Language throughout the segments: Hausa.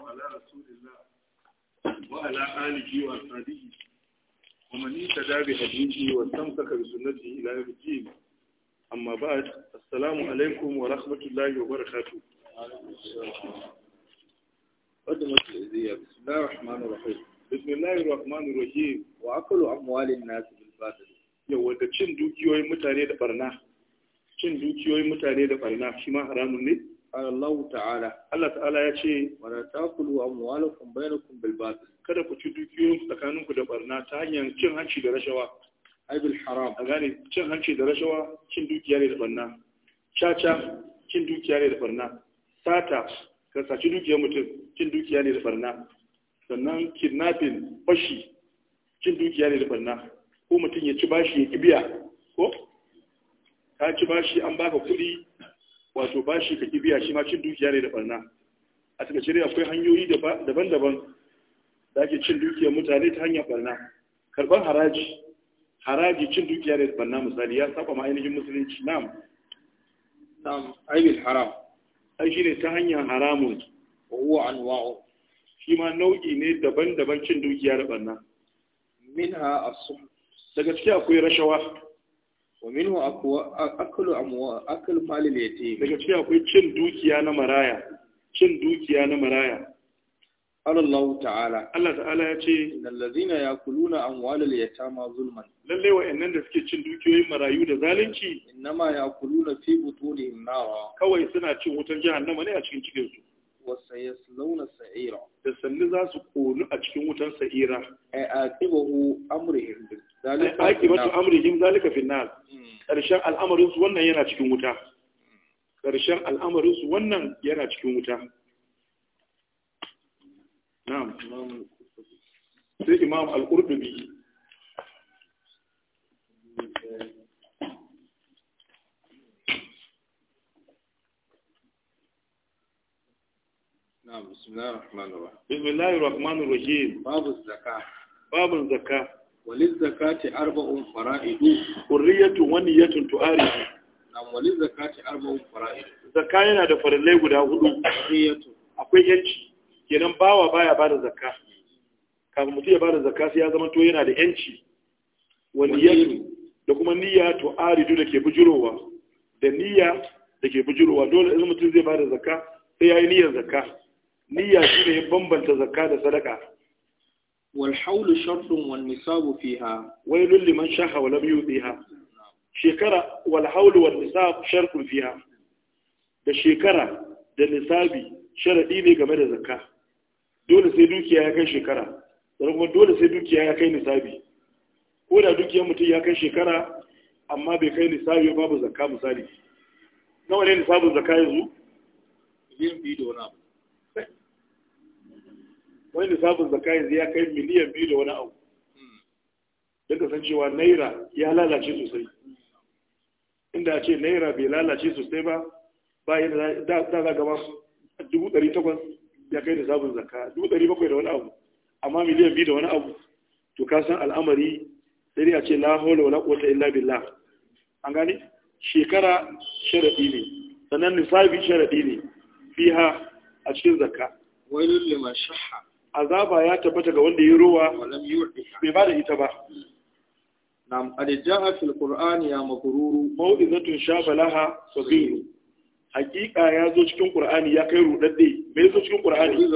على رسول الله وعلى آله وأصحابه ومن اهتدى بهديه واستمسك بسنته إلى يوم الدين أما بعد السلام عليكم ورحمة الله وبركاته قدمت الإذية بسم الله الرحمن الرحيم بسم الله الرحمن الرحيم وأكل أموال الناس بالباطل yau da cin dukiyoyin mutane da barna cin dukiyoyin mutane da barna shi ma haramun ne Allah ta'ala Allah ta'ala ya ce wala taqulu amwalakum bainakum bil batil kada ku ci dukiyoyin tsakaninku da barna ta hanyar cin hanci da rashawa ai bil haram a gane cin hanci da rashawa cin dukiya ne da barna caca cin dukiya ne da barna sata ka saci dukiyar mutum cin dukiya ne da barna sannan kidnapping fashi cin dukiya ne da barna ko mutum ya ci bashi ya kibiya ko ka ci bashi an baka kuɗi wato bashi ka biya shi ma cin dukiya ne da barna a takaice dai akwai hanyoyi daban-daban da ake cin dukiyar mutane ta hanyar barna karban haraji haraji cin dukiya ne da barna misali ya saba ma ainihin musulunci Nam nam ainihin haram ai shine ta hanyar haramun wa huwa anwa'u shi ma nau'i ne daban-daban cin dukiya da barna minha as-suhf daga cikin akwai rashawa wa minhu aklu amwa aklu malil daga cikin akwai cin dukiya na maraya cin dukiya na maraya Allah ta'ala Allah ta'ala ya ce innal ladhina yakuluna amwalal yatama zulman lalle wayannan da suke cin dukiyoyin marayu da zalunci innama yakuluna fi butunihim nara kawai suna cin wutar jahannama ne a cikin cikin wasayaslawna sa'ira da salli za su konu a cikin wutan sa'ira ay aqibahu amrihim zalika aqibatu amrihim zalika fi nar karshen hmm. al'amarin su wannan yana cikin wuta karshen al'amarin su wannan yana cikin wuta na'am sai imam al-qurtubi na bismillahir rahmanir rahim bismillahir rahmanir rahim babu zakka babu zakka walil zakati arba'un fara'idu qurriyatu wa niyyatun tu'aridu na walil zakati arba'un fara'idu zakka yana da farillai guda hudu akwai yanci kenan bawa baya bada zakka kafin ya bada zakka sai ya zama to yana da yanci wa niyyatu da kuma niyya tu'aridu da ke bujurowa da niyya da ke bujurowa dole in mutum zai bada zaka sai yayi niyyar zaka. niyya shi ne bambanta zakka da sadaka wal haulu shartun wal nisabu fiha wailul liman shaha wa lam yudiha shekara wal haulu wal nisabu shartun fiha da shekara da nisabi sharadi ne game da zakka dole sai dukiya ya kai shekara sannan kuma dole sai dukiya ya kai nisabi ko da dukiyar mutum ya kai shekara amma bai kai nisabi babu zakka misali nawa ne nisabin zakka yanzu abu wani lissafin zakka yanzu ya kai miliyan biyu da wani abu duka san cewa naira ya lalace sosai inda ce naira bai lalace sosai ba bayan da za gaba dubu ɗari takwas ya kai lissafin zaka dubu ɗari bakwai da wani abu amma miliyan biyu da wani abu to ka san al'amari sai a ce la hawla wala quwwata illa billah an gane shekara sharadi ne sannan nisabi sharadi ne fiha a cikin zakka wailul lima shahha azaba ya tabbata ga wanda ya ruwa bai ba da ita ba nam alijaa fil qur'ani ya makururu sha balaha, sabiru hakika ya zo cikin qur'ani ya kai rudadde me zo cikin qur'ani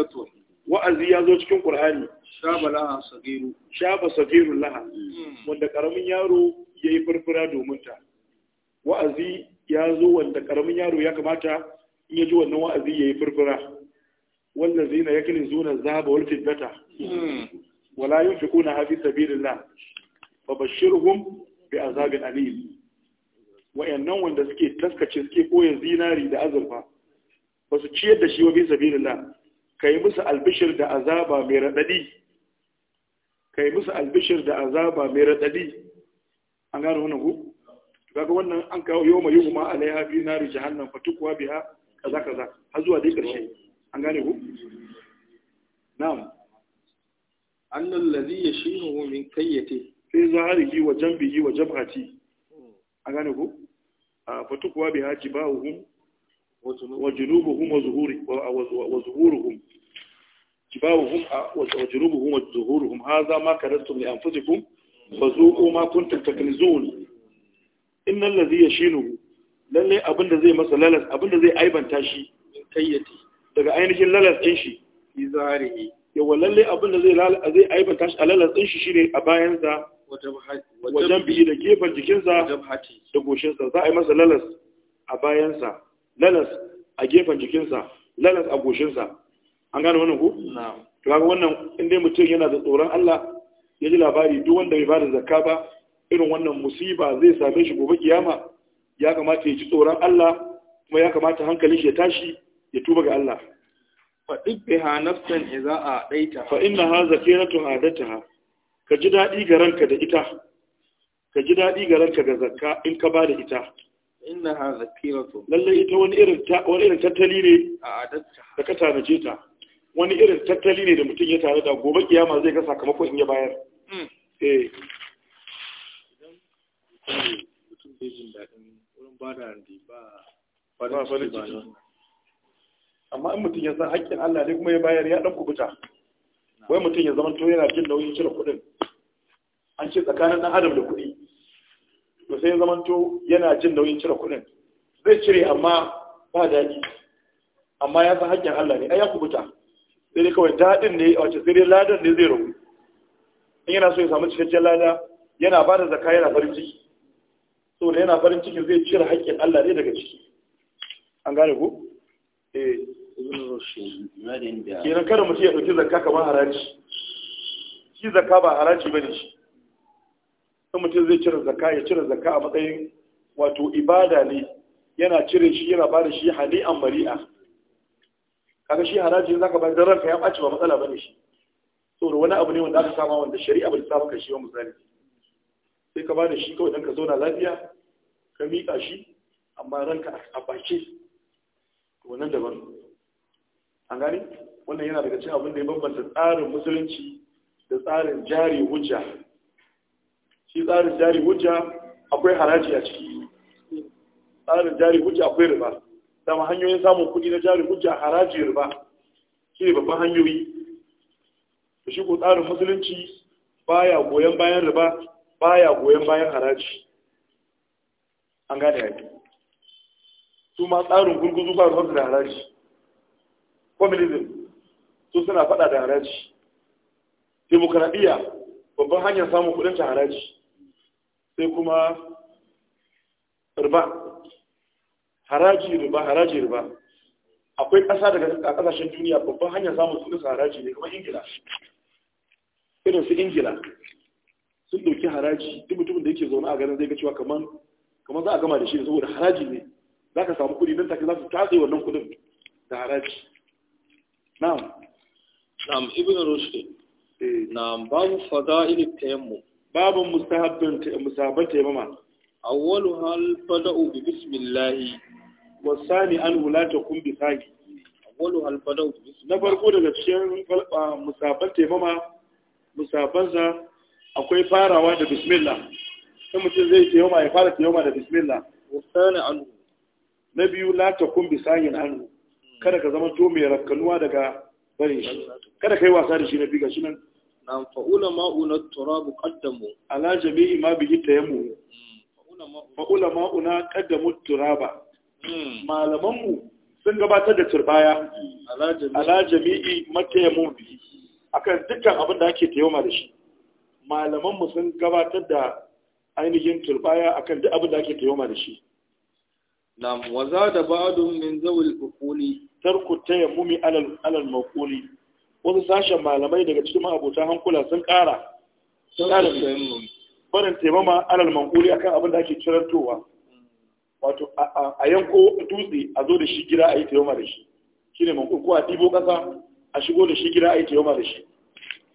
wa'azi ya zo cikin qur'ani shabalaha sabiru shaba sabiru laha hmm. wanda karamin yaro yayi furfura domin ta wa'azi ya zo wanda karamin yaro ya kamata in ya ji wannan wa'azi yayi furfura والذين يكنزون الذهب والفضة hmm. ولا ينفقونها في سبيل الله فبشرهم بعذاب أليم wayannan wanda suke taskace suke koya zinari da azurfa ba su ciyar da shi wa fi sabilillah kai musu albishir da azaba mai radadi musu albishir da azaba mai radadi an gano wannan ku kaga wannan an kawo yawma yuhma alaiha fi nari jahannam fatukwa biha kaza kaza har zuwa dai karshe an gane ku na'am annal ladhi yashinuhu min Sai kayyati fi zahrihi wa yi wa jabhati an gane ku fatukuwa bi hajibahum wa junubuhum wa zuhuri wa zuhuruhum jibahum wa junubuhum wa zuhuruhum hadha ma karastum li anfusikum fazuqu ma kuntum taknizun innal ladhi yashinuhu lalle abinda zai masa lalas abinda zai aibanta shi kayyati daga ainihin lalas ɗin shi fi zaharihi yawa lalle abin da zai aibata shi a lalas ɗin shi shine a bayansa wajen biyi da gefen jikinsa da goshinsa za a yi masa lalas a bayansa lalas a gefen jikinsa lalas a goshinsa an gane wannan ku? na wannan inda mutum yana da tsoron Allah ya ji labari duk wanda bai bada zakka ba irin wannan musiba zai same shi gobe kiyama ya kamata ya ji tsoron Allah kuma ya kamata hankalin shi ya tashi ya tuba ga Allah faɗiɓɓiha nafsan iza a daita fa inna ha zakiratun hadataha ka ji daɗi ga ranka da ita ka ji daɗi ga ranka ga zakka in ka bada ita inna ha zakiratu lalle ita wani irin wani irin tattali ne a adatta da ka tanaje ta wani irin tattali ne da mutum ya tare da gobe kiyama zai ga sakamakon in ya bayar hmm. eh mutum jin wurin bada ba ba amma in mutum ya san haƙƙin Allah ne kuma ya bayar ya ɗan kubuta wai mutum ya to yana jin nauyin cire kuɗin an ce tsakanin ɗan adam da kuɗi to sai ya to yana jin nauyin cire kuɗin zai cire amma ba daɗi amma ya san haƙƙin Allah ne ai ya kubuta sai dai kawai daɗin ne wace sai dai ladan ne zai rabu in yana so ya samu cikakken lada yana ba da zakka yana farin ciki saboda yana farin ciki zai cire haƙƙin Allah ne daga ciki an gane ku eh kenan kada mutum ya ɗauki zaka kamar haraji shi zaka ba haraji ba ne shi in mutum zai cire zaka ya cire zakka a matsayin wato ibada ne yana cire shi yana ba da shi hali'an mari'a kaga shi haraji zaka ba da ranka ya ɓaci ba matsala ba ne shi saboda wani abu ne wanda aka sama wanda shari'a ba ta saba kan shi ba misali sai ka ba da shi kawai don ka zauna lafiya ka miƙa shi amma ranka a bace wannan daban an gani wannan yana daga cikin abin da ya bambanta tsarin musulunci da tsarin jari hujja shi tsarin jari hujja akwai haraji a ciki tsarin jari hujja akwai riba dama hanyoyin samun kuɗi na jari hujja haraji riba shi ne babban hanyoyi da shi ko tsarin musulunci baya goyon bayan riba baya goyon bayan haraji an gane yaki su ma tsarin gurguzu ba ruwansu da haraji communism su suna faɗa da haraji demokradiyya babban hanyar samun kudin ta haraji sai kuma riba haraji riba haraji riba akwai ƙasa daga ƙasashen duniya babban hanyar samun kudin haraji ne kamar ingila irin su ingila sun ɗauki haraji duk mutumin da yake zaune a garin zai ga cewa kamar kamar za a gama da shi saboda haraji ne za ka samu kuɗi don take za su tatse wannan kuɗin da haraji na'am na'am ibn rushd eh. na'am babu fada'il tayammum babu mustahabbin musahabbin tayammum awwaluha hal fadau bi bismillah wa sani an la takun bi sagi awwaluha hal fadau bi bismillah na farko daga cikin ah, musahabbin tayammum musahabbansa akwai farawa da bismillah sai mutum zai ya fara da bismillah wa sani an na biyu la bi anhu kada ka zama to mai rakkanuwa daga bare shi kada kai wasa da shi na biga shi nan fa'ula fa una turabu qaddamu ala jami'i ma bihi tayammu hmm, fa'ula ma'una una qaddamu turaba hmm. malaman mu sun gabatar da turbaya hmm, ala jami'i matayammu bihi akan dukkan abin da ake tayammuma da shi malaman mu sun gabatar da ainihin turbaya akan duk abin da ake tayammuma da shi نعم وزاد بعض من ذوي الأقول ترك التيمم على على المقول wasu sashen malamai daga cikin ma'abota hankula sun ƙara sun taimama alal mankuli akan abin da ake cirantowa wato a yanko dutse a zo da shi gida a yi taimama da shi shi ne ko a ɗibo ƙasa a shigo da shi gida a yi taimama da shi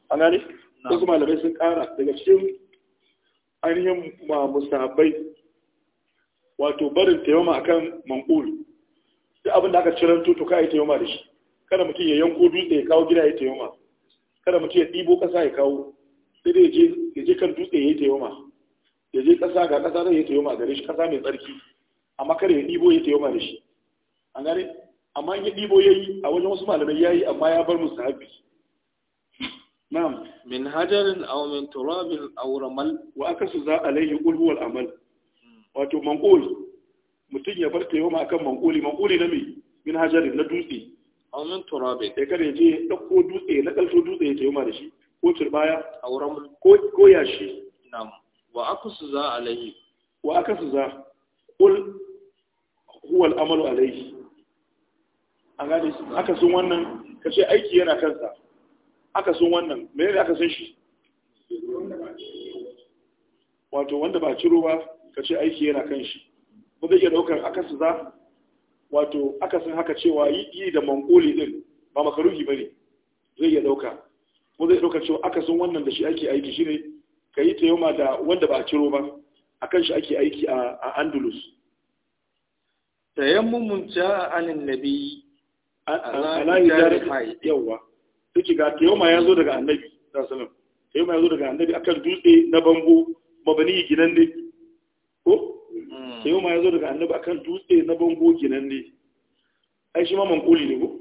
an gane wasu malamai sun ƙara daga cikin ainihin wato barin taimama akan manqul duk abin da aka ciranto to kai taimama da shi kada mutum ya yanko dutse ya kawo gida ya taimama kada mutum ya ɗibo ƙasa ya kawo sai dai ya je kan dutse ya taimama ya je ƙasa ga ƙasa zai ya taimama gare shi ƙasa mai tsarki amma kada ya ɗibo ya taimama da shi an gane amma in ya ɗibo ya yi a wajen wasu malamai ya yi amma ya bar musu sahabi na'am min hajarin aw min turabil aw ramal wa akasu za alayhi qul wal amal wato manqul mutum ya bar taimama akan manquli manquli na me min hajjari na dutse aunin turabe da kare je dauko dutse na ƙarfi dutse ya taimama da shi ko turbaya a wurin ko yashi na wa su za alaihi wa su za qul huwal amalu a alaihi a gane aka sun wannan kashe aiki yana kansa aka sun wannan menene aka sun shi wato wanda ba ciro ba ka ce aiki yana kan shi ba zai iya ɗaukar akasu za wato akasin haka cewa yi da mangoli din ba makaruhi ba ne zai iya ɗauka ko zai dauka cewa akasin wannan da shi ake aiki shi ne ka yi tayoma da wanda ba a ciro ba a kan shi ake aiki a andalus mun ja anin nabi alayi jari yawa suke ga tayoma ya zo daga annabi sallallahu alaihi wasallam tayoma ya zo daga annabi akan dutse na bango mabani ginan ne ko hmm. sai yau ma ya zo daga annabi akan dutse na bango kenan ne ai shi ma mankuli ne ko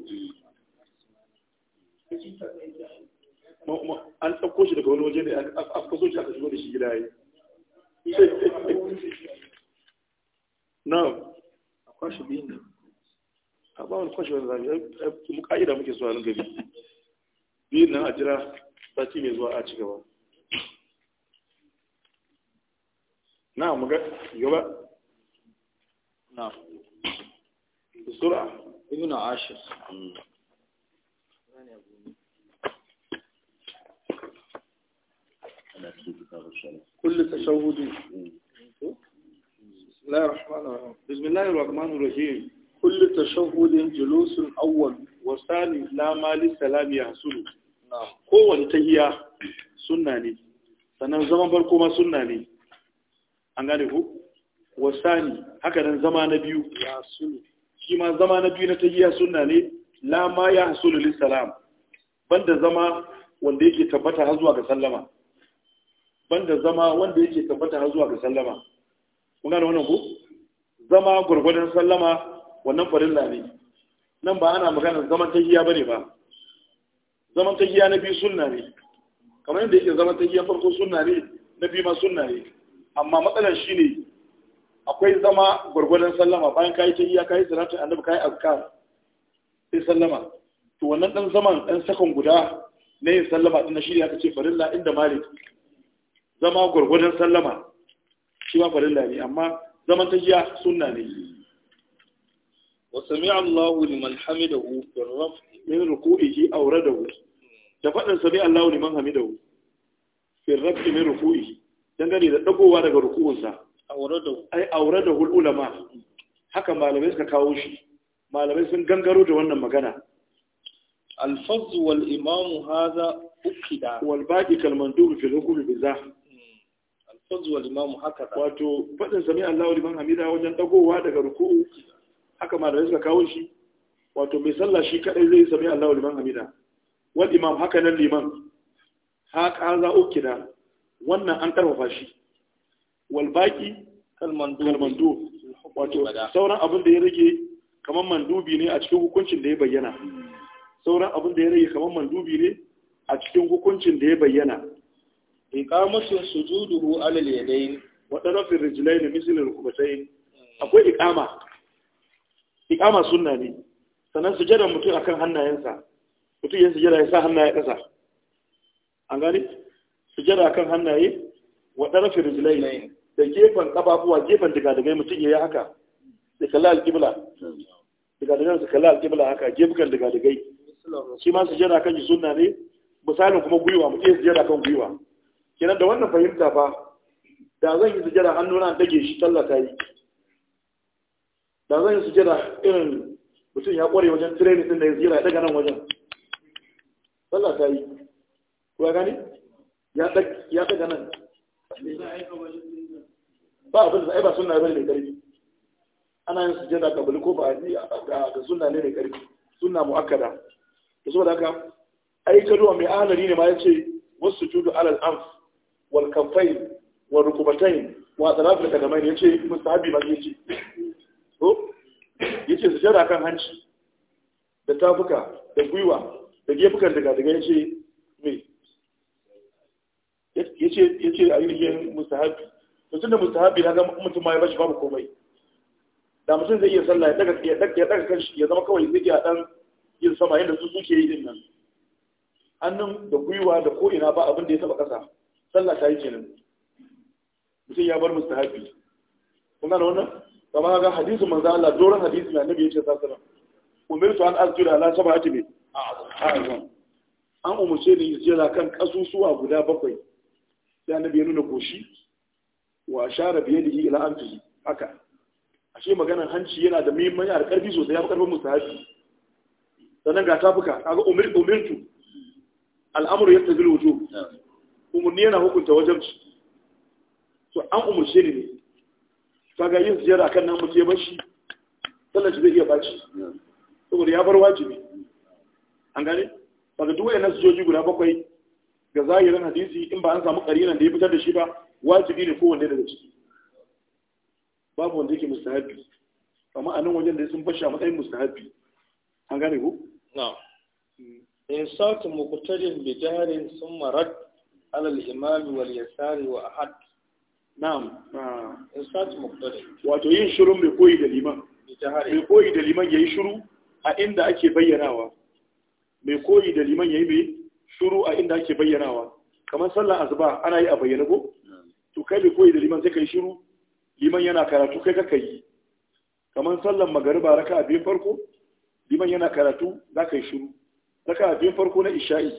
an ɗauko shi daga wani waje ne a kaso shi aka shigo da shi gida yi na kwashe biyu ne a ba wani kwashi wani zafi ya muka'ida muke zuwa nan gari biyun nan a jira sati mai zuwa a ci gaba نعم مجد يبا نعم بسرعة ابن عاشر كل تشهد بسم الله الرحمن الرحيم بسم الله الرحمن الرحيم كل تشهد جلوس أول وثاني لا مال للسلام يحصل نعم هو التهيا سنة ne sannan زمان بركو ما sunna an gane ku wasani haka nan zama na biyu ya sulu shi ma zama na biyu na ta tahiyya sunna ne la ma ya hasulu lis salam banda zama wanda yake tabbata har zuwa ga sallama banda zama wanda yake tabbata har zuwa ga sallama kun gane wannan ku zama gurgurdan sallama wannan farilla ne nan ba ana magana zaman tahiyya bane ba zaman ta tahiyya na biyu sunna ne kamar yadda yake zaman ta tahiyya farko sunna ne na biyu ma sunna ne amma matsalar shi ne akwai zama gwargwadon sallama bayan kayi ta iya kayi salatu annabi kayi azkar sai sallama to wannan dan zaman dan sakon guda na yin sallama din shi ne aka ce farilla inda malik zama gwargwadon sallama shi ma farilla ne amma zaman ta jiya sunna ne wa sami'a Allahu liman hamidahu bi raf'i min ruku'ihi aw radahu da fadin sami Allahu liman hamidahu bi raf'i min ruku'ihi dangane da dagowa daga rukunsa ai aure da hul'ulama haka malamai suka kawo shi malamai sun gangaro da wannan magana alfazu wal imam hadha ukida wal baqi kal mandub fil hukm bi za hmm. wal imamu haka wato fadin sami Allahu liman hamida wajen dagowa daga ruku'u haka malamai suka kawo shi wato mai sallah shi kadai zai sami Allahu liman hamida wal imam haka nan liman haka za ukida wannan an karfafa shi wal baki kalmando wato sauran abin da ya rage kamar mandubi ne a cikin hukuncin da ya bayyana sauran abin da ya rage kamar mandubi ne a cikin hukuncin da ya bayyana iqamatu sujuduhu ala yadayn wa taraf rijlayn misl al akwai iqama iqama sunna ne sannan sujada mutum akan hannayensa mutum ya sujada ya sa hannaye kasa an gani? sujada kan hannaye wa ɗarfi rijlai da gefen kafafuwa gefen digadigai mutum ya yi haka da kalla alƙibla digadigan su kalla alƙibla haka gefen digadigai shi ma sujada kan sunna ne misalin kuma gwiwa mutum ya sujada kan gwiwa kenan da wannan fahimta fa da zan yi sujada hannuna dage shi tallata yi da zan yi sujada irin mutum ya kware wajen training din da ya zira daga nan wajen tallata yi ku gani ya daga nan ba abin da ai ba sunna bane mai karfi ana yin sujada kabuli ko ba ga sunna ne mai karfi sunna muakkada to saboda haka ai duwa mai ahlari ne ma yace wasu judu alal anf wal kaffain wal rukubatain wa atraf al kadamain yace mustahabi ma yace to yace sujada kan hanci da tafuka da gwiwa da gefukan daga daga yace yace a yi yin mustahabi to tunda mustahabi na ga mutum ma ya bashi babu komai da mutum zai iya sallah ya daga kanshi ya zama kawai zai iya dan yin sama yadda su suke yi din nan hannun da gwiwa da ko'ina ba abin da ya taba kasa sallah ta yi kenan mutum ya bar mustahabi kun da wannan kamar ga hadisin manzo Allah doron hadisi na annabi yace sallallahu alaihi wasallam umirtu an asjuda ala sab'ati bi a'azam an umarce ni jira kan kasusuwa guda bakwai sai annabi ya nuna goshi wa share bi yadihi ila anfihi haka ashe maganar hanci yana da muhimmanci a karfi sosai ya fi karfin musahabi sannan ga tafuka kaga umir umirtu al'amru yattazilu wujub umurni yana hukunta shi. to an umurce ni ne kaga yin ziyara kan nan mutum ya bar shi shi zai iya baci saboda ya bar wajibi an gane kaga duk wayannan sojoji guda bakwai ga zahirin hadisi in ba an samu karinan da ya fitar da shi ba wajibi ne kowanne daga ciki babu wanda yake mustahabi amma a nan wajen da sun bashi a matsayin mustahabi an gane ku na in sautin mukutarin bijarin sun marar alal imami wal yasari wa ahad na'am ah. in sautin mukutarin wato yin shirin mai koyi da liman mai koyi da liman ya yi shiru a inda ake bayyanawa mai koyi da liman ya yi mai shuru a inda ake bayyanawa kamar sallar asuba ana yi a bayyana ko to kai bai koyi da liman sai kai shiru liman yana karatu kai kaka yi kamar sallar magariba raka a biyun farko liman yana karatu za ka yi shiru raka a biyun farko na isha'i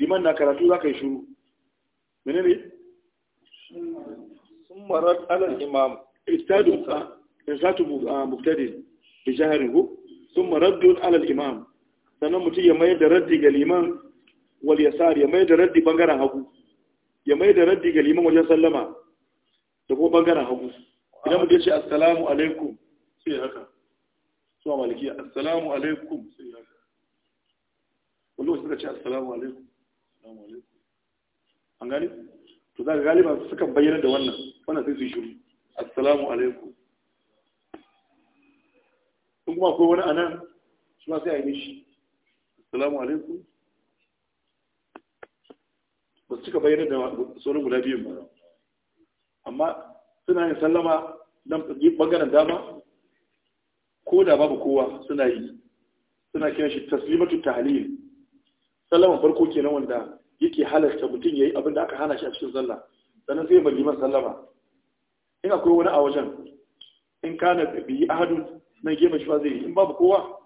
liman na karatu za ka yi shiru mene ne sun marar alal imam istadu ah, istatu muktadin ah, bi jaharin hu sun marar alal imam sannan mutum ya mayar da raddi ga liman wal yasar ya mai da raddi bangaren hagu ya mai da raddi ga liman wajen sallama da kuma bangaren hagu idan mutum ce assalamu alaikum sai haka suwa maliki assalamu alaikum sai haka wani wasu suka ce assalamu alaikum assalamu alaikum an gani to za ka galiba suka bayyana da wannan wannan sai su yi shuru assalamu alaikum kuma akwai wani anan shi ma sai a yi mishi assalamu alaikum ba su cika bayyana da sauran guda biyun ba amma suna yin sallama nan bangaren dama ko da babu kowa suna yi suna kiran shi taslimatu tahlil Sallama farko kenan wanda yake halarta mutum yayi abin da aka hana shi a cikin sallah sannan sai ba liman sallama in akwai wani a wajen in kana biyi ahadun nan gefen shi zai yi in babu kowa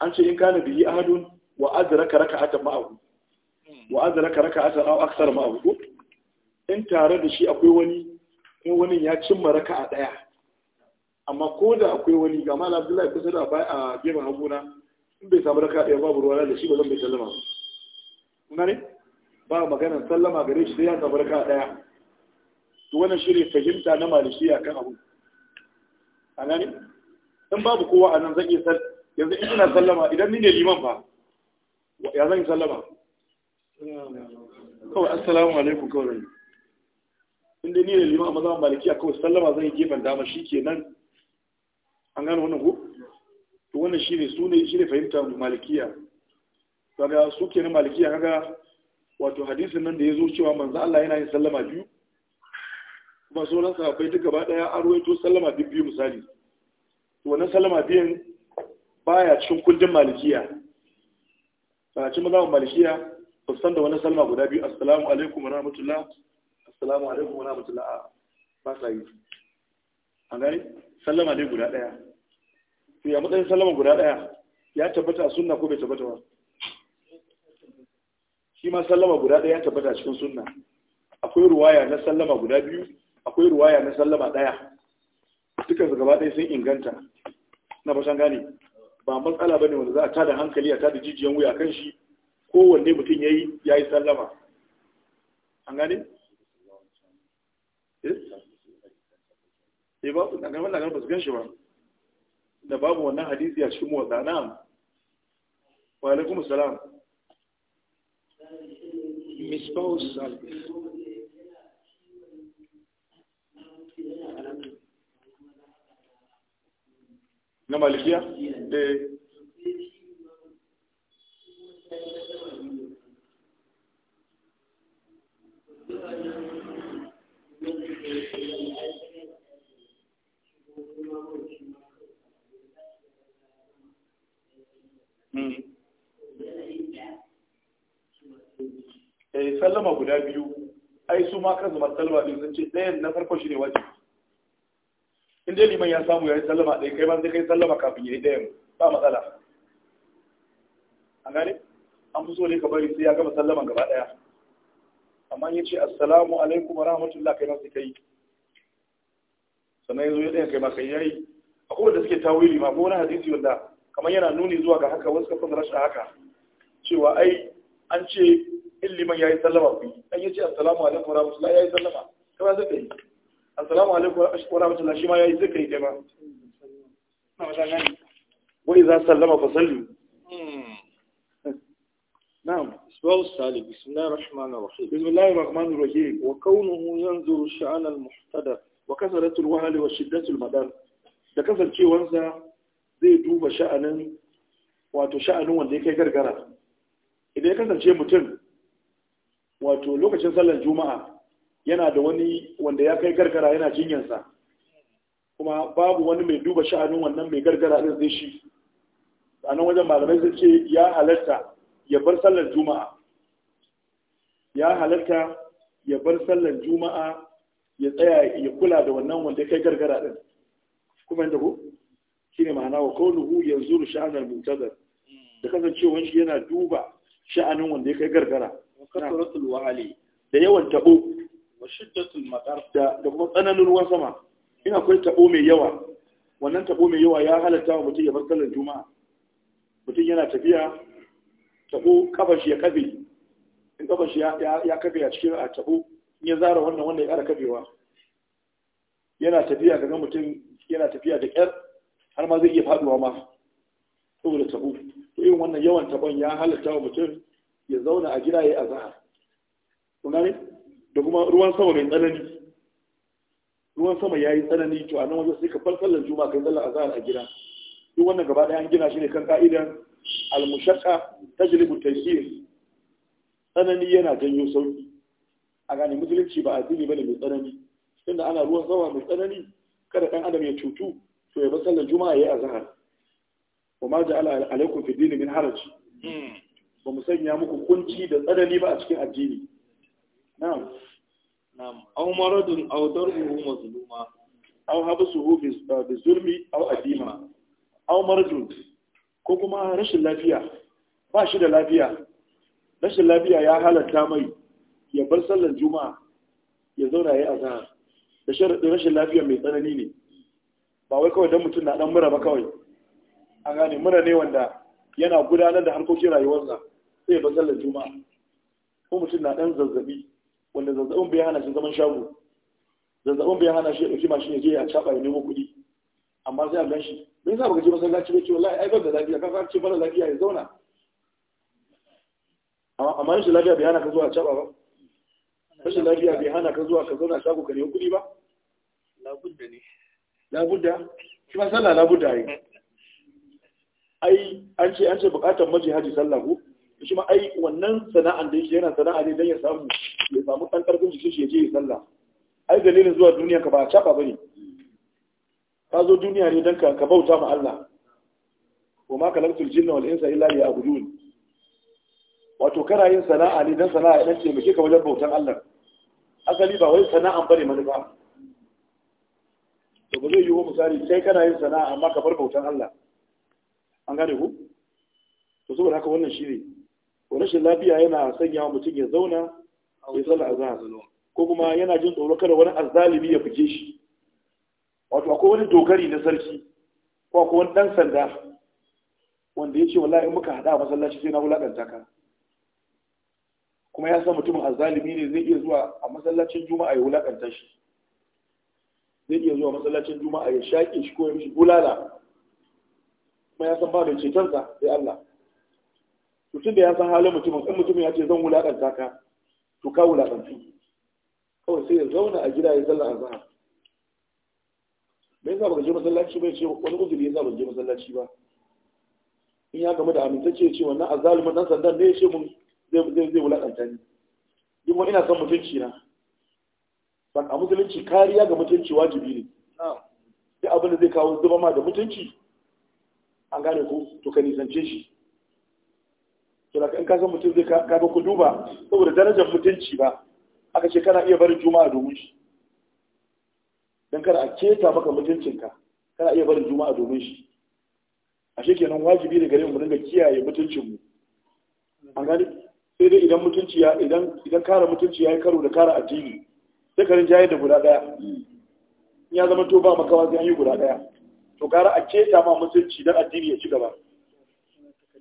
an ce in kana biyi ahadun wa adraka raka'atan ma'ahu wa raka raka'atan aw aksar ma abu in tare da shi akwai wani in wani ya cimma a daya amma ko da akwai wani ga malam Abdullahi kusa da bai a gefen haguna in bai samu raka daya babu ruwa da shi ba zan bai sallama ba kun ne ba magana sallama gare shi sai ya samu raka daya to wannan ne fahimta na a kan abu a ne in babu kowa a nan zan iya yanzu in ina sallama idan ni ne liman ba ya zan yi sallama kawai assalamu alaikum kawai inda ni da liman amazan maliki a kawai sallama zai gefen dama shi ke nan an gano wannan ko to wannan shi ne su ne shi ne fahimta malikiya kaga su ke na malikiya kaga wato hadisin nan da ya zo cewa manzo Allah yana yin sallama biyu kuma sauran sahabbai duka ba daya an ruwaito sallama biyu biyu misali to wannan sallama biyan baya cikin kundin malikiya ba mazan malikiya ba san da wani salma guda biyu assalamu alaikum wa rahmatullah assalamu alaikum wa rahmatullah ba sa yi a gani sallama dai guda ɗaya to ya matsayin sallama guda ɗaya ya tabbata a sunna ko bai tabbata ba shi ma sallama guda ɗaya ya tabbata cikin sunna akwai ruwaya na sallama guda biyu akwai ruwaya na sallama ɗaya dukkan su gaba ɗaya sun inganta na san gani? ba matsala bane wanda za a tada hankali a tada jijiyan wuya kan shi kowanne mutum ya yi ya yi sallama an gane? eh, eh ba su ɗanar wannan ba su gan shi ba da babu wannan hadisi a cikin motsa na wa alaikum salam na malikiya? eh Hmm. Eh, sallama guda biyu ai su ma kan zama sallama ne sun ce ɗayan na farko shi ne waje. in dai liman ya samu ya yi sallama ɗaya kai ma sai kai sallama kafin ya yi ɗayan ba matsala an gane an fi so ne ka bari sai ya gama sallaman gaba ɗaya amma ya ce assalamu alaikum wa rahmatullah kai masu kai sannan ya zo ya ɗaya kai maka yayi a da suke tawili ma ko wani hadisi wanda kamar yana nuni zuwa ga haka wasu kafin rashin haka cewa ai an ce in liman ya yi sallama ku yi an yi ce assalamu alaikum wa rahmatullah ya yi sallama kai masu kai assalamu alaikum wa rahmatullah shi ma ya yi zai kai kai wa iza sallama fa sallu hmm. na'am واو السالب بسم الله الرحمن الرحيم بسم الله الرحمن الرحيم وكونه ينظر شأن المحتدث وكثرة الوهل وشدة المدار da kasancewarsa zai duba sha'anin wato sha'anin wanda ya kai gargara idan ya kasance mutum wato lokacin sallar juma'a yana da wani wanda ya kai gargara yana jinyansa kuma babu wani mai duba sha'anin wannan mai gargara ɗin zai shi Sannan wajen malamai sun ce ya halatta ya bar sallar juma'a ya halatta ya bar sallar juma'a ya tsaya ya kula da wannan wanda kai gargara din kuma inda ku shine ma'ana wa qawluhu yanzuru sha'anar muntazar da kasancewar shi yana duba sha'anin wanda ya kai gargara kasratul da yawan tabo wa shiddatul da da kuma tsananin ruwan sama ina kai tabo mai yawa wannan tabo mai yawa ya halatta wa mutum ya bar sallar juma'a mutum yana tafiya tabo kafa shi ya kafe in kafa shi ya kafe a cikin a tabo in ya zara wannan wanda ya ƙara kafewa yana tafiya ga mutum yana tafiya da ƙyar har ma zai iya faduwa ma saboda tabo to irin wannan yawan tabon ya halatta wa mutum ya zauna a gida ya azahar kun ne, da kuma ruwan sama mai tsanani ruwan sama ya yi tsanani to a nan wajen sai ka falfalar juma kai tsallar azahar a gida duk wannan gaba ɗaya an gina shi ne kan ka'idan al-mushaqqa tajlibu tayyib tsanani yana janyo sauki a gane musulunci ba addini bane mai tsanani tunda ana ruwan sama mai tsanani kada ɗan adam ya cutu to ya bar sallar juma'a yayi azhar wa ma ja'ala alaikum fi dini min haraj hmm. ba mu sanya muku kunci da tsanani ba a cikin addini na'am na'am aw maradun aw darbuhu mazluma aw habsuhu eh, zulmi aw adima aw ko kuma rashin lafiya ba shi da lafiya rashin lafiya ya halatta mai ya bar sallar juma'a ya zauna ya zahar. da sharaɗin rashin lafiya mai tsanani ne ba wai kawai don mutum na ɗan mura ba kawai a gane mura ne wanda yana gudanar da harkokin rayuwarsa sai bar sallar juma'a ko mutum na ɗan zazzabi wanda zazzabin bai hana shi zaman shago zazzabin bai hana shi ya ɗauki mashin ya je ya caɓa ya nemo kuɗi amma sai a gan shi bai sa baka je masallaci bai ce wallahi ai ban da lafiya ka ce mara lafiya ya zauna amma rashin lafiya bai hana ka zuwa caba ba rashin lafiya bai hana ka zuwa ka zauna shago ka nemi kuɗi ba labudda ne labudda shi ma sallah labudda ai ai an ce an ce bukatar maji haji sallah ko shi ma ai wannan sana'an da yake yana sana'a ne don ya samu ya samu ɗan ƙarfin jikin shi ya je ya sallah ai dalilin zuwa duniya ka ba a caɓa ba ne ka zo duniya ne don ka bauta ma Allah wa ma kalaktul jinna wal insa illa liya'budun wato kana yin sana'a ne dan sana'a idan ce muke ka wajen bautan Allah asali ba wai sana'an bane manufa to ba zai yi wa misali sai kana yin sana'a amma ka bar bautan Allah an gane ku to saboda haka wannan shi ne rashin lafiya yana sanya mutum ya zauna ya tsalla azan ko kuma yana jin tsoro kada wani azzalimi ya fice shi wato akwai wani dogari na sarki ko akwai wani dan sanda wanda ya ce wallahi in muka hada masallaci sai na wulakanta ka kuma ya san mutumin azalimi ne zai iya zuwa a masallacin juma'a ya wulakanta shi zai iya zuwa masallacin juma'a ya shaƙe shi ko ya mishi bulala kuma ya san ba mai cetonsa sai Allah mutum da ya san halin mutumin in mutumin ya ce zan wulakanta ka to ka wulakantu kawai sai ya zauna a gida ya zalla azhar bai sa baka je masallaci bai ce wani uzuri ya sa ban je masallaci ba in ya gamu da amintacce ce wannan azalimin dan sandan ne ya ce mun zai wulaƙanta ni duk ina son mutunci na ban a musulunci kariya ga mutunci wajibi ne sai abin da zai kawo zuba ma da mutunci an gane ku to ka nisance shi to ka in ka san mutum zai ka ba ku duba saboda darajar mutunci ba aka ce kana iya barin juma'a domin shi dan kada a keta maka mutuncinka kana iya barin juma'a domin shi ashe kenan wajibi ne gare mu dinga kiyaye mutuncinmu an gane sai dai idan mutunci ya idan idan kare mutunci ya yi karo da kare addini sai karin rinjaye da guda daya in ya zama to ba makawa sai an yi guda daya to kare a keta ma mutunci dan addini ya ci gaba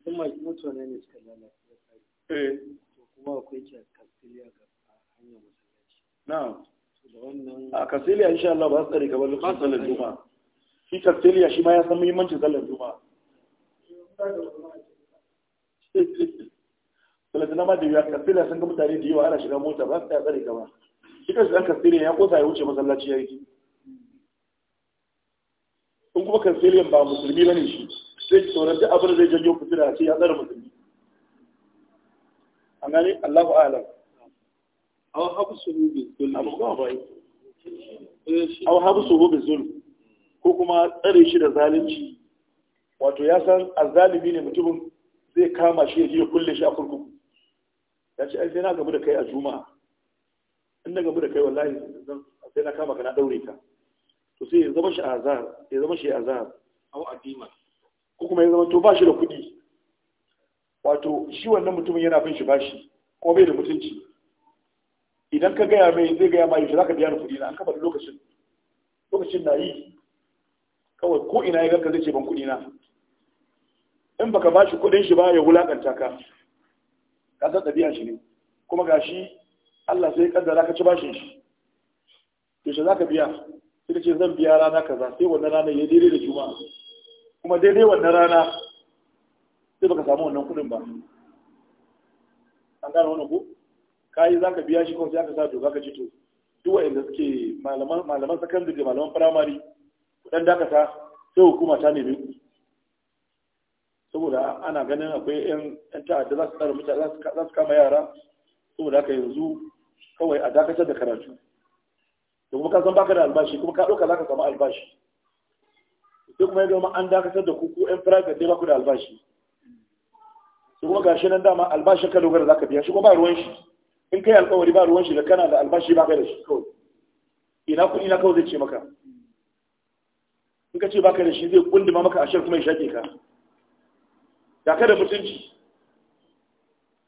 kuma mutane ne suka lalace eh to kuma akwai kasiliya ga hanyar musulunci na'am da wannan a kasiliya insha Allah ba su tsare gaba lokacin sallar juma'a shi kasiliya shi ma ya san muhimmancin sallar juma'a talatin na majiyar da yiwuwa kastila sun ga mutane da yawa ana shiga mota ba su ta tsare gaba shi su ɗan kastiliyan ya kosa ya wuce masallaci ya yi in kuma kastiliyan ba musulmi ba ne shi sai tsoron duk abin da zai janyo fitina ce ya tsare musulmi a gani allahu alam aw habsuhu bi zulm aw Suhu bi zulm ko kuma tsare shi da zalunci wato ya san azalimi ne mutumin zai kama shi ya je kulle shi a kurkuku ya ce ai sai na gamu da kai a juma'a in na gamu da kai wallahi sai na kama ka na daure ka to sai ya zama shi azar ya zama shi azar au adima ko kuma ya zama to ba shi da kuɗi wato shi wannan mutumin yana bin shi bashi ko bai da mutunci idan ka gaya mai zai gaya mai za ka biya kuɗi na an kafa lokacin lokacin na yi kawai ko ina ya ganka zai ce ban kuɗi na in baka bashi kudin kuɗin shi ba ya wulakanta ka ka san shi ne kuma ga shi Allah sai kaddara ka ci bashin shi yaushe za ka biya sai ka ce zan biya rana kaza sai wannan rana ya daidai da juma'a kuma daidai wannan rana sai baka samu wannan kuɗin ba an gane wannan ko yi za ka biya shi kawai sai aka sa za ka ci to duk wa'anda suke malaman sakandare da malaman firamare kuɗin dakata sai hukuma ta nemi saboda ana ganin akwai yan ta'adda za su tsara mutane za su kama yara saboda haka yanzu kawai a dakatar da karatu da kuma ka san baka da albashi kuma ka ɗauka za ka samu albashi sai kuma ya zama an dakatar da kuku yan private dai baku da albashi Da kuma gashi nan dama albashin ka dogara za ka biya shi kuma ba ruwan shi in kai alkawari ba ruwan shi da kana da albashi ba ka da shi kawai ina kuɗi na kawai zai ce maka in ka ce baka da shi zai kundima maka ashir kuma ya shaƙe ka da kada mutunci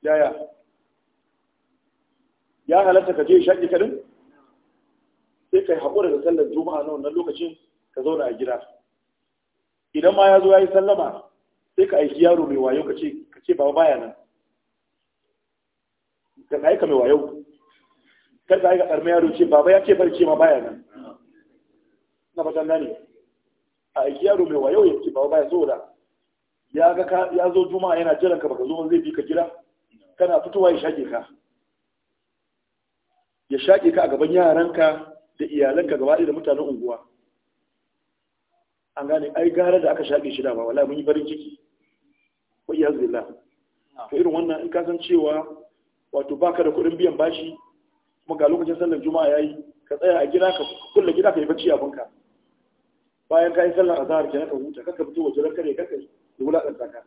yaya ya halatta ka je shaƙi kadin sai kai haƙura da sallar juma'a na wannan lokacin ka zauna a gida idan ma ya zo ya yi sallama sai ka aiki yaro mai wayo ka ce ba baya nan ka ka aika mai wayo kar ka aika ƙarmi yaro ce baba ya ce barci ma baya nan na fatan ne. a aiki yaro mai wayo ya ce ba baya saboda ya ga ka ya zo juma'a yana jiran ka baka zo zai bi ka gida kana fitowa ya shake ka ya shake ka a gaban yaranka da iyalanka gaba da mutanen unguwa an gane ai gara da aka shake shi da ba wallahi mun yi farin ciki wa iyaz billah to irin wannan in ka san cewa wato baka da kuɗin biyan bashi kuma ga lokacin sallar juma'a yayi ka tsaya a gida ka kulle gida ka yi bacci abinka bayan ka yi sallar azhar kenan ka huta kaka fito waje ranka ne kaka yi da wulaƙanta ka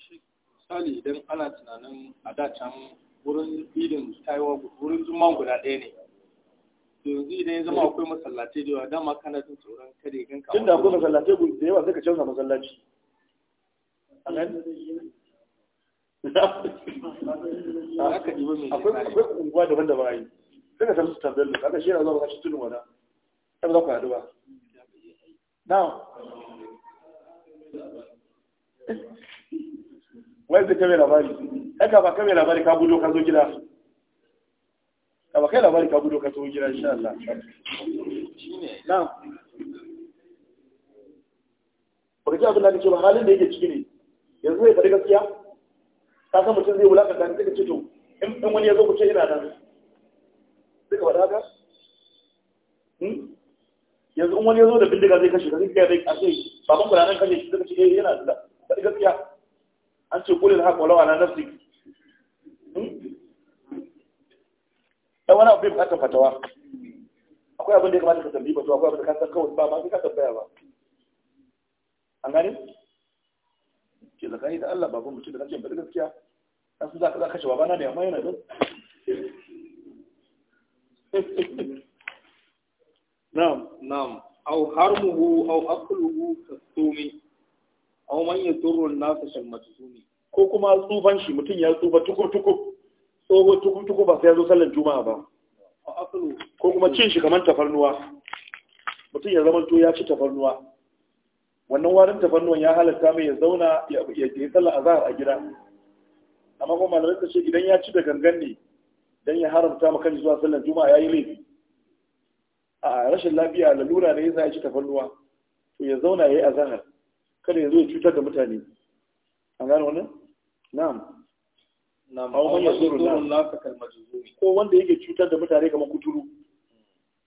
misali idan ana tunanin a da can wurin idin taiwa wurin zuman guda ɗaya ne yanzu idan ya zama akwai masallatai da yawa dama kana jin tsoron kare gan ka tunda akwai masallatai da yawa sai ka canza masallaci akwai unguwa daban da bayi sai ka samu su tambayar da kaga shi yana zuwa kashin tudun wada sai ba za ku haɗu ba now wai zai kame labari ɗaga ba kame labari ka gudo ka zo gida ka ba kai labari ka gudo ka zo gida insha Allah na'am ba ka ji ce da kake ba halin da yake ciki ne yanzu zai faɗi gaskiya ka san mutum zai wulakanta kan sai ka ce to in wani ya zo ku ce ina nan sai ka faɗa haka hmm? yanzu in wani ya zo da bindiga zai kashe ka zai kai a ce baban nan kashe shi zai kashe eh, yana da faɗi gaskiya an ce kulil haƙ walawa na nafsi hmm? ɗan wani abu bai fatawa akwai abin da ya kamata ka tambayi fatawa akwai abin da ka san kawai ba ma sai ka tambaya ba an gane ke zakani da Allah babu mutum da kace ba gaskiya dan su za kashe babana ne amma yana da na'am na'am aw harmuhu aw aqluhu kasumi aw man yadurru an-nas shal ko kuma tsufan shi mutum ya tsufa tukur Tsohon tsoho ba sai ya zo sallar juma'a ba ko kuma cin shi kamar tafarnuwa mutum ya zama to ya ci tafarnuwa wannan warin tafarnuwan ya halatta mai ya zauna ya yi sallar azahar a gida amma kuma malamai ce idan ya ci da gangan ne dan ya haramta maka zuwa sallar juma'a yayi laifi a rashin lafiya lalura ne yasa ya ci tafarnuwa to ya zauna yayi azahar kada ya zo ya cutar da mutane an gano wani? na'am na'am aw man yadurru nasa kal majzumi ko wanda yake cutar da mutane kamar kuturu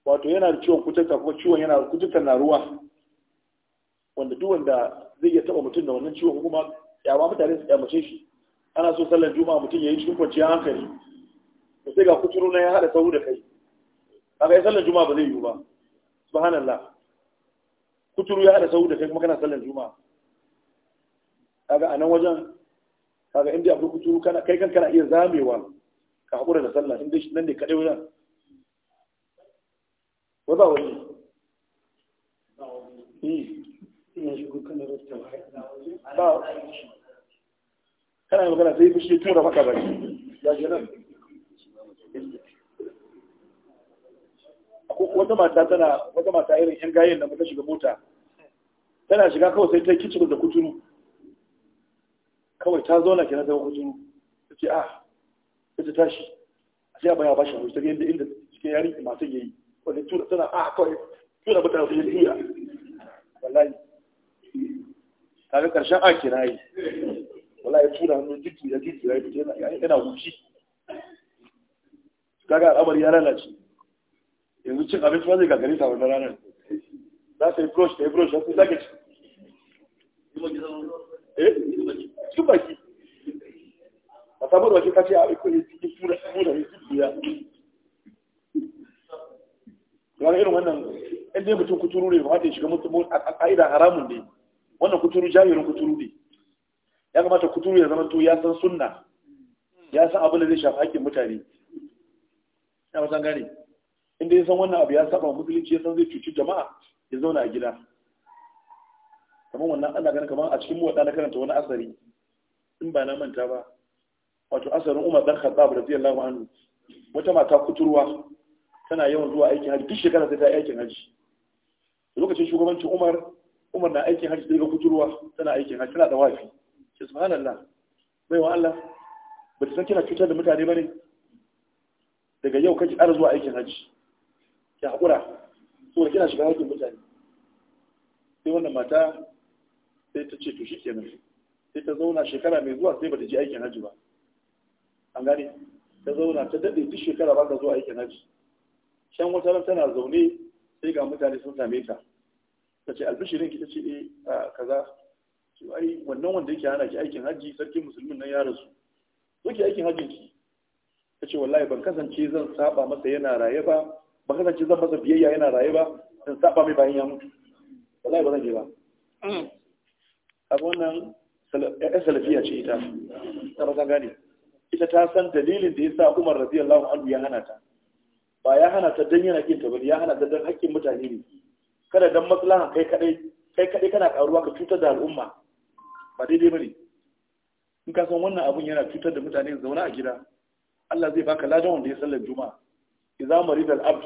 wato yana da ciwon kuturta kuma ciwon yana kuturta na ruwa wanda duk wanda zai iya taba mutum da wannan ciwon kuma yawa mutane su yamace shi ana so sallar juma'a mutum ya yi cikin kwanciyar hankali da sai ga kuturu na ya hada sahu da kai kaga ya sallar juma'a ba zai yiwu ba subhanallah kuturu ya hada sahu da kai kuma kana sallar juma'a kaga anan wajen kaga inda abu kutu kana kai kan kana iya zamewa ka haƙura da sallah inda nan ne kadai wajen wa ba wani kana yi magana sai shi tura maka bari ya ji nan wata mata tana wata mata irin yan gayen da mata shiga mota tana shiga kawai sai ta kicin da kuturu kawai ta zauna kenan ta wajen ta ce ah ta tashi a sai abin ya bashi haushi ta yadda inda cikin yarin ki masu yayi wanda tura tana a ah, kawai tura mutane su yi iya wallahi kaga karshen a kira yi wallahi tura hannun jiki da jiki ya yi yana wuci kaga al'amari ya lalace yanzu cin abinci ma zai gagare ta wannan ranar za ta yi brush ta yi brush za ta ci eh cikin baki a samu da wajen kace a ikon ne cikin tura tura ne cikin ya wani irin wannan in dai mutum kuturu ne ba ta shiga mutum a ka'ida haramun ne wannan kuturu jahirin kuturu ne ya kamata kuturu ya zama to ya san sunna ya san abin da zai shafi haƙƙin mutane Ya ba san gane in ya san wannan abu ya saba musulunci ya san zai cuci jama'a ya zauna a gida kamar wannan ana ganin kamar a cikin mu na karanta wani asari in ba na manta ba wato asarin umar dan khattab radiyallahu anhu wata mata kuturwa tana yawan zuwa aikin hajji duk shekara sai ta yi aikin hajji lokacin shugabancin umar umar na aikin hajji daga kuturwa tana aikin hajji tana da wafi ce subhanallah baiwa Allah ba ta san kina cutar da mutane ba ne daga yau kake ara zuwa aikin hajji ki hakura saboda kina shiga aikin mutane sai wannan mata sai ta ce to shi kenan sai ta zauna shekara mai zuwa sai bata je aikin hajji ba an gane ta zauna ta daɗe duk shekara ba ta zuwa aikin hajji Shan wata ran tana zaune sai ga mutane sun same ta ta ce albishirin ki ta ce e kaza to ai wannan wanda yake hana ki aikin hajji sarki musulmin nan ya rasu ki aikin hajjin ki ta ce wallahi ban kasance zan saba masa yana raye ba ban kasance zan masa biyayya yana raye ba zan saba mai bayan ya mutu wallahi ba zan je ba mm. a wannan salafiya ce ita ta gane ita ta san dalilin da ya sa umar radiyallahu anhu ya hana ta ba ya hana ta don yana kin ta ya hana ta don haƙƙin mutane ne kada don maslahan kai kadai kai kadai kana karuwa ka cutar da al'umma ba daidai bane in ka san wannan abun yana cutar da mutane zaune a gida Allah zai baka ladan wanda ya sallar juma'a idza marida al-abd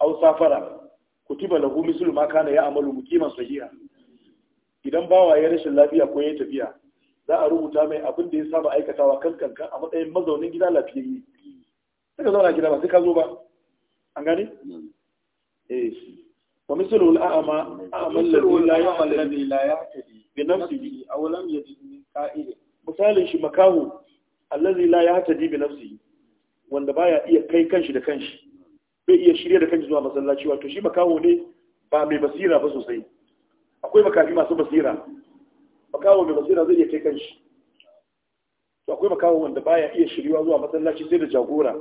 aw safara kutiba lahu mislu ma kana ya'malu muqiman sahiha idan bawa ya rashin lafiya ko ya tafiya za a rubuta mai abin da ya saba aikatawa kan kanka a matsayin mazaunin gida lafiya sai ka zauna gida ba sai ka zo ba an gani? Eh. wa misalu al'ama amal ladhi misalin shi makahu allazi la hata dibi nafsi wanda baya iya kai kanshi da kanshi bai iya shirya da kanshi zuwa masallaci wato shi makaho ne ba mai basira ba sosai akwai makafi masu basira makawo mai basira zai iya kai kanshi to akwai makawo wanda baya iya shiriwa zuwa masallaci sai da jagora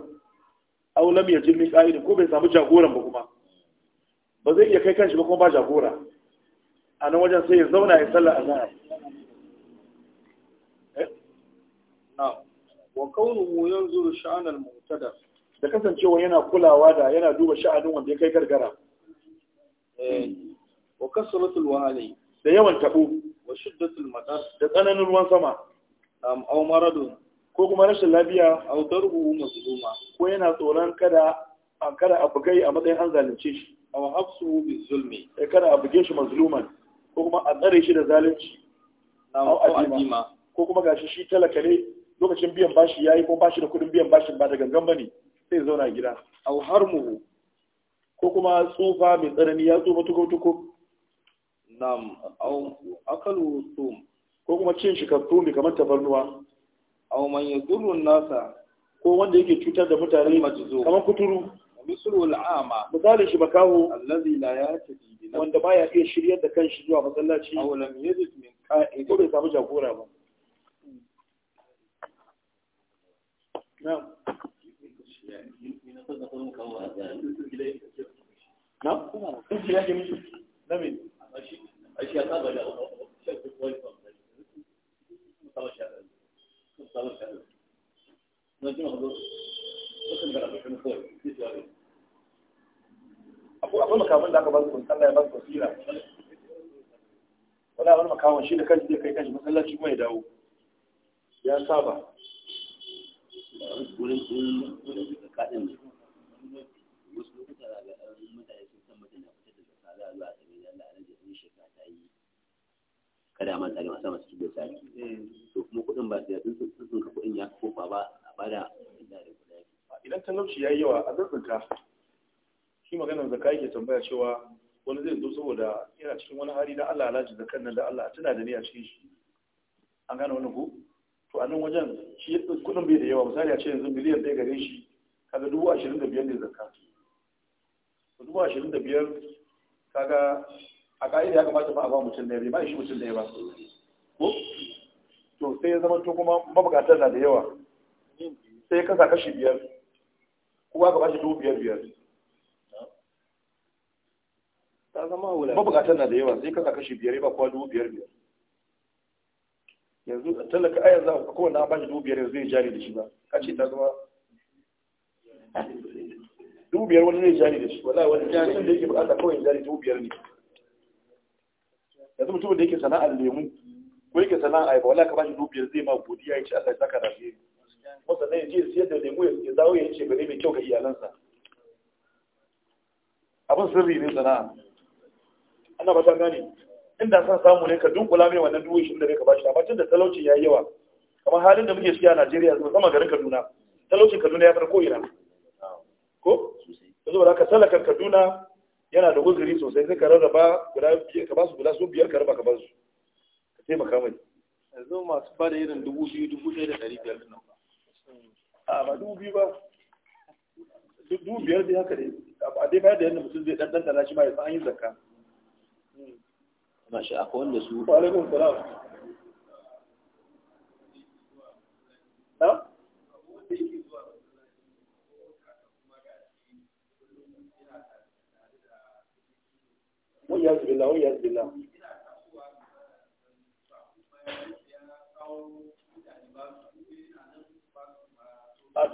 aw lam yajid min qa'id ko bai samu jagoran ba kuma ba zai iya kai kanshi ba kuma ba jagora a nan wajen sai ya zauna ya sallar azhar eh? wa kaunuhu yanzuru sha'anar mu'tada da kasancewa yana kulawa da yana duba sha'anin wanda ya kai gargara eh. wa kasratul wahali da yawan tabo wa shiddatul matar da tsananin ruwan sama am aw maradun ko kuma rashin lafiya au darhu mazluma ko yana tsoron kada an kada a bugai a matsayin an zalunce shi au hafsu bi zulmi eh, kada a buge shi mazluman ko kuma a tsare shi da zalunci au adima ko kuma gashi shi talaka ne lokacin biyan bashi yayi ko bashi da kudin biyan bashin ba da gangan bane sai zauna gida au harmu ko kuma tsufa mai tsanani ya tsufa tuko tuko nam au akalu ko kuma cin shi ne kamar tafarnuwa aw man yadurrun nasa ko wanda yake cutar da mutane kamar kuturu misru ama misalin shi makaho allazi la wanda baya iya shiryar da kanshi zuwa masallaci aw lam yajid min qa'id ko bai samu jagora ba na'am na'am أشياء طبعا شكل كويس da ya wani shi da kanshi zai kai kanshi masallaci kuma dawo ya saba wurin lokuta da mutane sun san a da zaka za a a kada man tsari masu masu cikin tsari to kuma kuɗin ba su sun sun ka kuɗin ya kofa ba a bada idan talauci ya yi yawa a zazzaka shi maganar zaka yake tambaya cewa wani zai zo saboda yana cikin wani hali da Allah alaji zakan nan da Allah tana da ni a cikin shi an gane wani ko to a nan wajen shi kuɗin bai da yawa misali a ce yanzu miliyan ɗaya gare shi kaga dubu ashirin da biyar ne zakka dubu ashirin da biyar kaga a ƙa'ida ya kamata ba a ba mutum ɗaya bai ba shi mutum ɗaya ba ko to sai ya zama to kuma mabukatar na da yawa sai ya kasa kashi biyar kowa ka bashi dubu biyar biyar ta mabukatar na da yawa sai kasa kashi biyar ba kowa dubu biyar biyar yanzu talaka a yanzu a kowane an bashi dubu biyar yanzu zai jari da shi ba ka ce ta zama dubu biyar wani zai jari da shi wala wani jari da yake bukata kawai jari dubu biyar ne yanzu mutumin da yake sana'ar lemu ko yake sana'ar ayaba wala ka bashi dubiyar zai ma godiya ya ce Allah ya saka da shi masa ne je siyar da lemu ya zawo ya ce bane mai kyau ga iyalansa abin sirri ne sana'a ana ba ta gane inda san samu ne ka dunkula mai wannan dubu ishirin da kai ka bashi amma tun da talauci ya yi yawa kamar halin da muke ciki a Najeriya musamman garin Kaduna talaucin Kaduna ya farko ina ko yanzu ba za ka talakar Kaduna yana da uzuri sosai sai ka rarraba guda biyar ka basu guda su biyar ka raba ka basu ka maka mai yanzu masu bada irin dubu biyu dubu ɗaya da ɗari biyar nan a ba dubu biyu ba dubu biyar dai haka dai a dai bayar da yadda mutum zai ɗan ɗan shi ma ya san an yi zakka. Hmm. Masha akwai wanda su. Wa alaikum salam. wai ya zubila wai ya zubila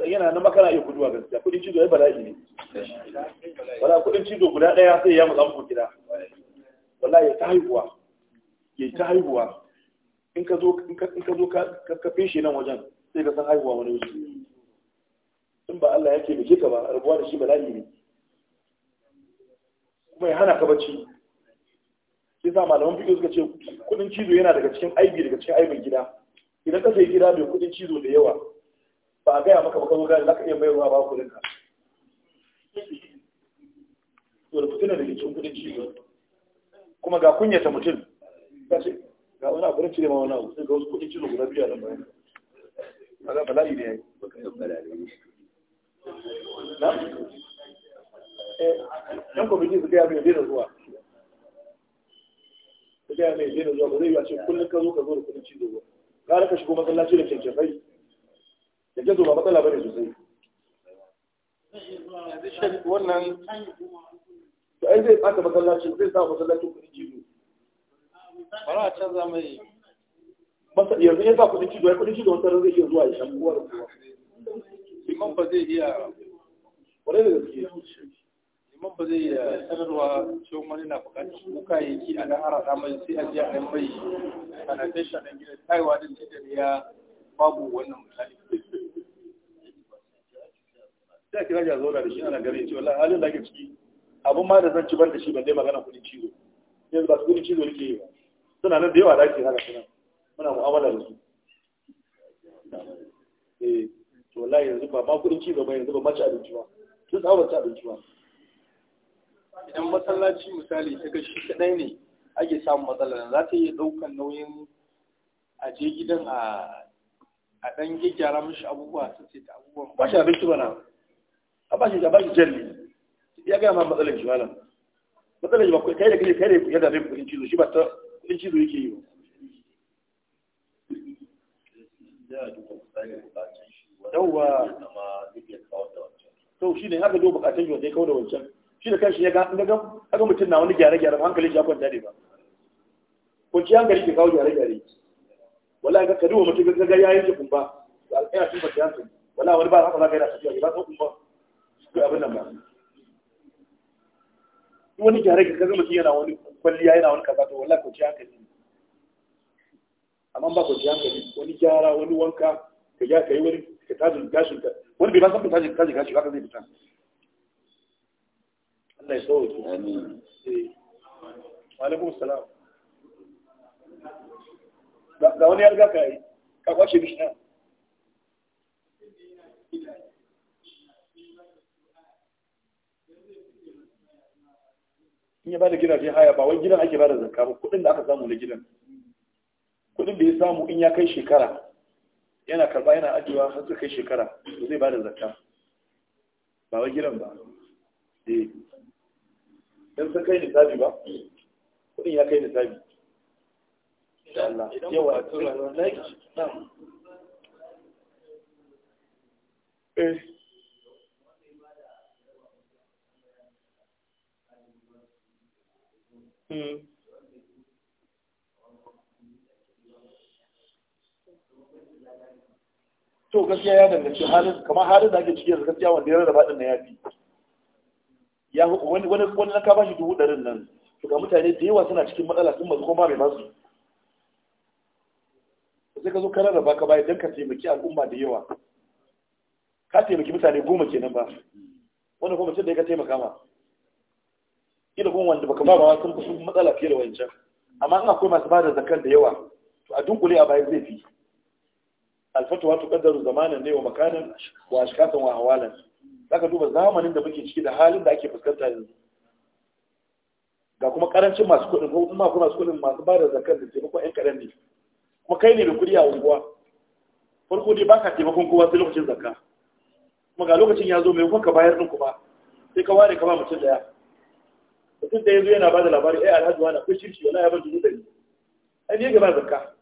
yana na makana iya guduwa gaskiya kudin cizo ya bala'i ne wala kudin cizo guda daya sai ya mutsa muku gida wala ya ta haihuwa ya ta haihuwa in ka zo ka ka fishe nan wajen sai ka san haihuwa wani wuce in ba Allah yake bige ka ba rabuwa da shi bala'i ne kuma ya hana ka bacci Yasa malaman fiƙo suka ce kuɗin cizo yana daga cikin aibi daga cikin aibin gida idan ka sayi gida mai kuɗin cizo da yawa ba a gaya maka ba kazo gani zaka iya bayarwa ba kuɗin ka to da fitina daga cikin kuɗin cizo kuma ga kunyata mutum ce ga wani abu cire ma wani abu sai ga wasu kuɗin cizo guda biyu a nan bayan kaga bala'i ne ya yayi na eh yan kwamitin su gaya mai daina zuwa ka gaya mai daina zuwa ba zai yi a ce kullum ka zo ka zo da kudin cizo ba gara ka shigo masallaci da kyankyafai da jazo ba matsala ba ne sosai wannan to ai zai baka masallacin zai sa masallacin kudin cizo bara a canza mai yanzu ya sa kudin cizo ya kudin cizo wata zai iya zuwa ya shan kowa da kowa liman ba zai iya ne da gaske imam ba zai eh, sanarwa cewa wani na bukatar ya ki a nan harada mai sai a je a nan mai sanitation na gidan taiwa din da ya babu wannan misali sai kira ya zauna da shi ana gari shi la halin da ke ciki abun ma da zan ci ban da shi ban dai magana kudin cizo yanzu ba su kudin cizo rike yi ba suna nan da yawa da ake haka suna muna mu'amala da su eh, to wallahi yanzu ba ma kudin cizo ba yanzu ba ma ci abinci ba sun tsawon ci abinci ba idan masallaci misali ta ga shi kadai ne ake samun matsalar za ta iya ɗaukan nauyin a je gidan a a dan gyara mishi abubuwa su ce ta abubuwa. ba shi abinci bana a ba shi ba shi jalli ya ga ma matsalar shi malam matsalar shi ba kai da kai kai da yadda cizo shi ba ta kudin cizo yake yi yawwa to shi ne haka dole bukatun yau zai kawo da wancan shi da kanshi ya ga ga mutum na wani gyare-gyare hankali shi ya kwanta ne ba kunci hankali ke kawo gyare-gyare wala ga kaduwa mutum ga ga yayin ki kumba ga alƙaya sun ba tiyansu wala wani ba haka za ka yi da ba ko kumba abin nan ba wani gyare ka kaga mutum yana wani kwalliya yana wani kaza to wala kunci hankali amma ba kunci hankali wani gyara wani wanka ka ya kai wani ka tajin gashin ka wani bai ba san tajin gashin ka zai fita Allah ya sauke amin wa eh. alaikum salam ga wani ya riga ka yi ka kwashe mishi nan in ya ba bada gidaje haya ba wani gidan ake bada zakka ba kudin da aka samu na gidan kuɗin da ya samu in ya kai shekara yana karɓa yana ajiyewa har su kai shekara to zai bada zakka ba wai gidan ba eh don sun kai nisabi ba kudin ya kai nisabi eh. hmm. to gaskiya ya danganci halin kamar halin da ake cikin gaskiya wanda ya rarraba din na ya fi ya wani wani wani kaba shi dubu ɗarin nan to ga mutane da yawa suna cikin matsala sun mazu kuma mai basu sai ka zo ka da baka bayar don ka taimaki al'umma da yawa ka taimaki mutane goma kenan ba Wani kuma mutum da ka taimaka ma ila kuma wanda baka ba ba sun kusa matsala fiye da wancan amma ina akwai masu ba da zakar da yawa to a dunkule a bayan zai fi alfatuwa tuqaddaru zamanin ne wa makanan wa ashkatan wa hawalan za ka duba zamanin da muke ciki da halin da ake fuskanta yanzu ga kuma karancin masu kuɗin ko kuma kuma masu kuɗin masu ba da zakar da taimakon ƴan karen ne kuma kai ne mai kuɗi a unguwa farko dai baka taimakon kowa sai lokacin zakka kuma ga lokacin ya zo mai kuma ka bayar ɗin kuma sai ka ware ka ba mutum daya mutum da ya zo yana ba da labari ai alhaji wani akwai shirki wala ya ban dubu ɗari ai ne gaba zakka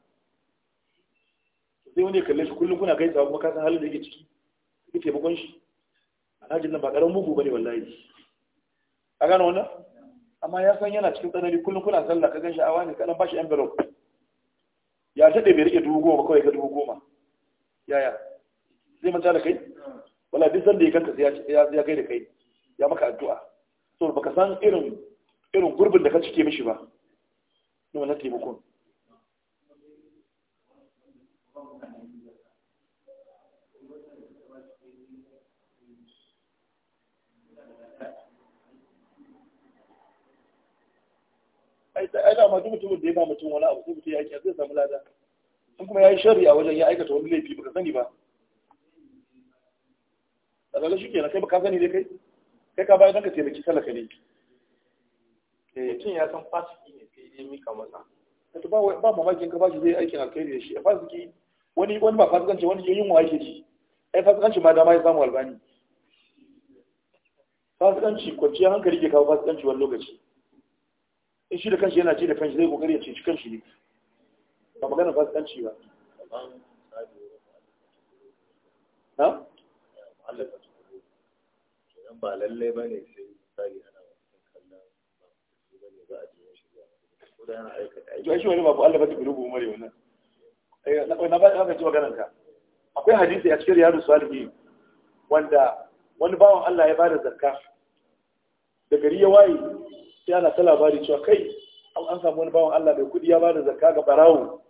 sai wani ya kalle shi kullum kuna gaisa kuma ka san halin da yake ciki kake taimakon shi alhajin nan ba karan mugu bane wallahi a gano wannan amma ya san yana cikin tsanani kullum kuna sallah ka gan sha'awa ne kaɗan ba shi envelope ya daɗe bai rike dubu goma kawai ka dubu goma yaya zai manta da kai wala duk sanda ya kanta sai ya kai da kai ya maka addu'a saboda baka san irin irin gurbin da ka cike mishi ba ni wannan taimakon ai da ma duk mutumin da ya ba mutum wani abu sai mutum ya yi zai samu lada in kuma ya yi shari'a wajen ya aikata wani laifi baka sani ba a zaga shi kenan kai baka sani dai kai kai ka bayan don ka taimaki talaka ne eh. mutum ya san fasiki ne sai dai mika masa to ba ba mamakin ka bashi zai aikin alkhairi da shi a fasiki wani wani ba fasikanci wani yin wa yake ji ai fasikanci ma dama ya samu albani fasikanci kwanciyar hankali ke kawo fasikanci wani lokaci in shi da kanshi yana ce da kanshi zai kokari ya ceci kanshi ne ba magana ba ba ha ba ne ba ne ba a eh, akwai hadisi a cikin riyadu salihi wanda wani bawan Allah ya bada zakka da gari ya waye sai ana ta labari cewa kai an samu wani bawan Allah mai kudi ya bada zakka ga barawo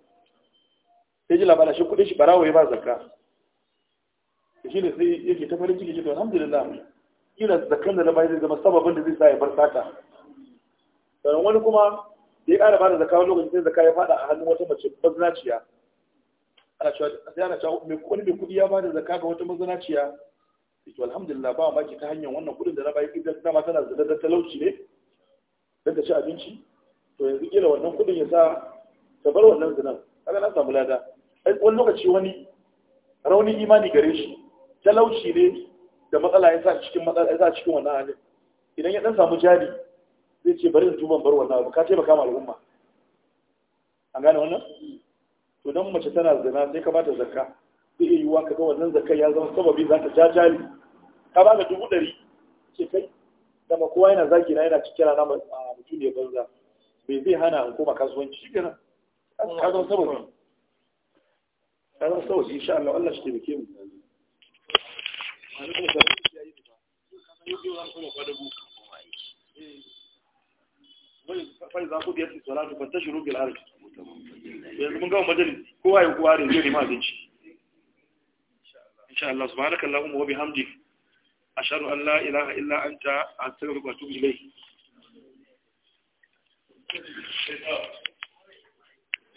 sai ji labarin shi shi barawo ya ba zakka shi ne sai yake ta farin ciki cikin alhamdulillah ina zakkan da na bayar da zama sababin da zai sa ya bar sata sannan wani kuma da ya ba da zakka wani lokacin sai zakka ya fada a hannun wata mace mazinaciya ana cewa sai ana cewa wani mai kudi ya bada zakka ga wata mazinaciya to alhamdulillah ba ma ki ta hanyar wannan kudin da na bayar idan dama tana da talauci ne Daga ci abinci to yanzu kila wannan kudin ya sa ta bar wannan zinan kaga na samu lada Ai, wani lokaci wani rauni imani gare shi talauci ne da matsala ya sa cikin matsala ya sa cikin wannan halin idan ya dan samu jari zai ce bari in tuban bar wannan abu ka al'umma an gane wannan to dan mace tana zina sai ka bata zakka zai iya yiwuwa kaga wannan zakka ya zama sababi za ta ja jari ka ba ka dubu ɗari da kowa yana zaki na yana cikin rana mutum ya banza bai zai hana an koma kasuwanci shi kenan ka zama sababi ka zama sababi insha Allah Allah shi taimake mu fai za ku salatu yanzu mun gama majalis kowa ya kowa da zai ci. insha Allah subhanakallahumma wa bihamdika ashadu an la illa anta a wa atubu